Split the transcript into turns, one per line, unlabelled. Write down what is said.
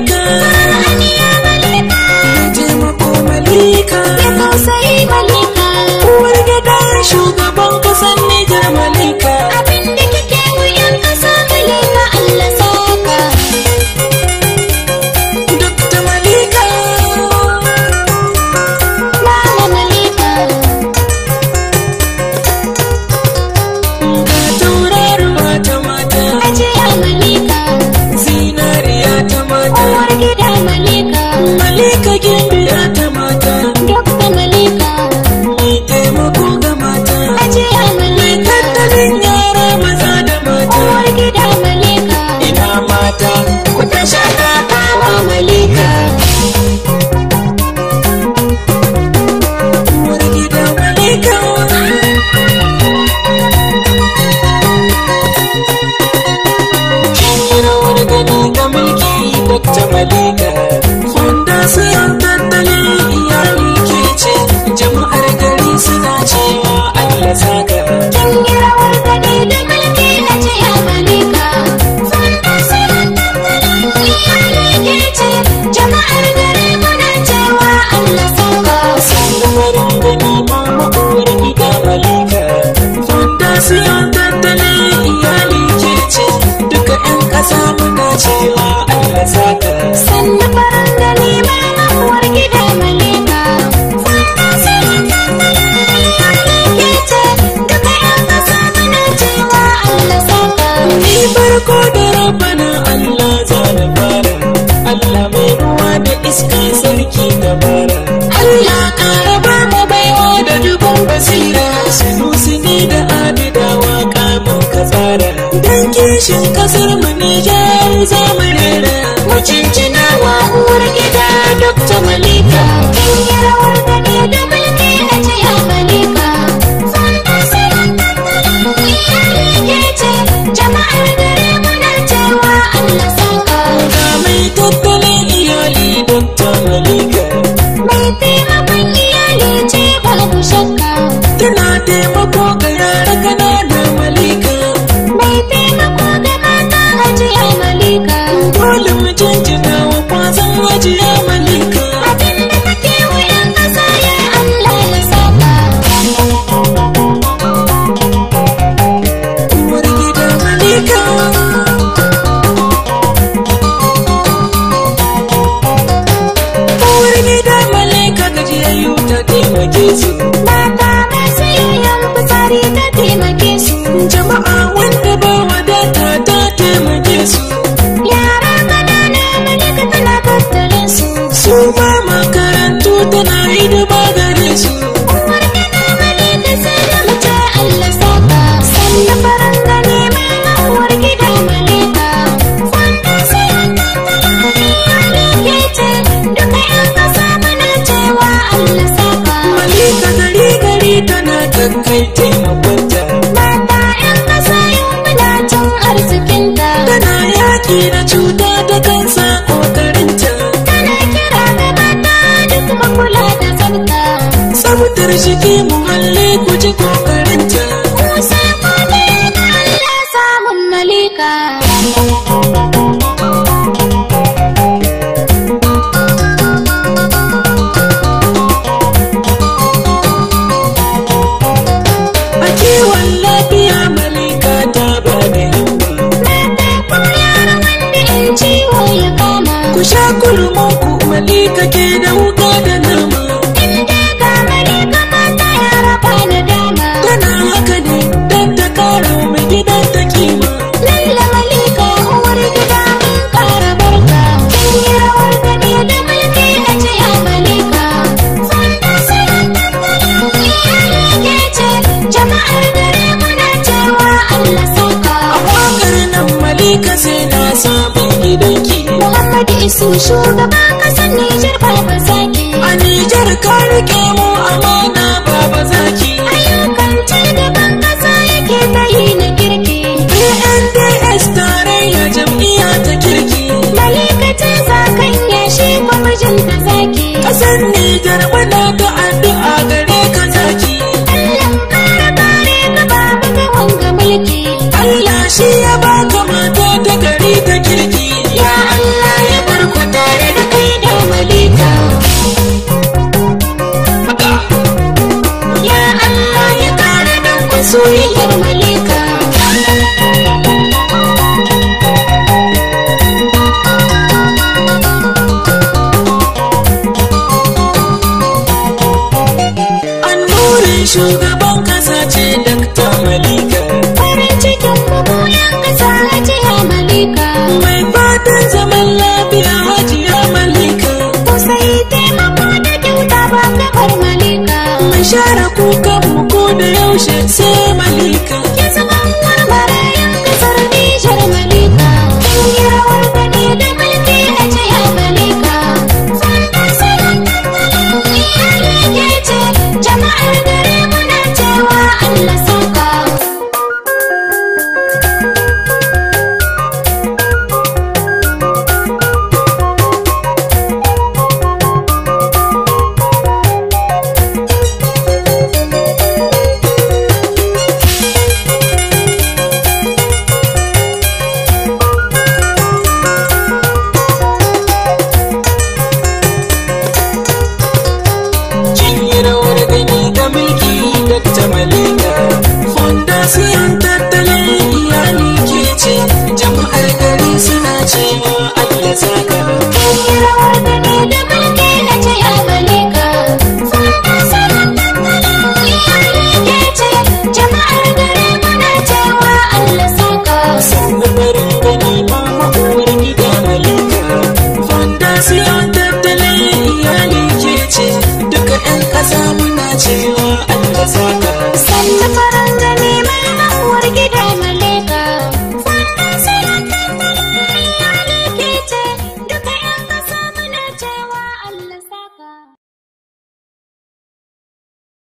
good. Gracias. bara Allah kara ba mu da dubin basira sanusi ne da abidawa kamun ka tsara dan kishin kasar mu Nijar zamanin mu cincinawa uwar gida Dr. Malika arziki muhalli ku ji kokari su shugaba kasan Nijar ba zaki. A Nijar ka rike shugaban kasa ce dakta malika farin cikin mabuyan kasa hajiya malika mai fatan zaman lafiya hajiya malika tausayi taimako da kyauta ba gabar malika mai share kuka ko da yaushe sai malika masu tattalin yanki ke ce jama'ar gari suna ce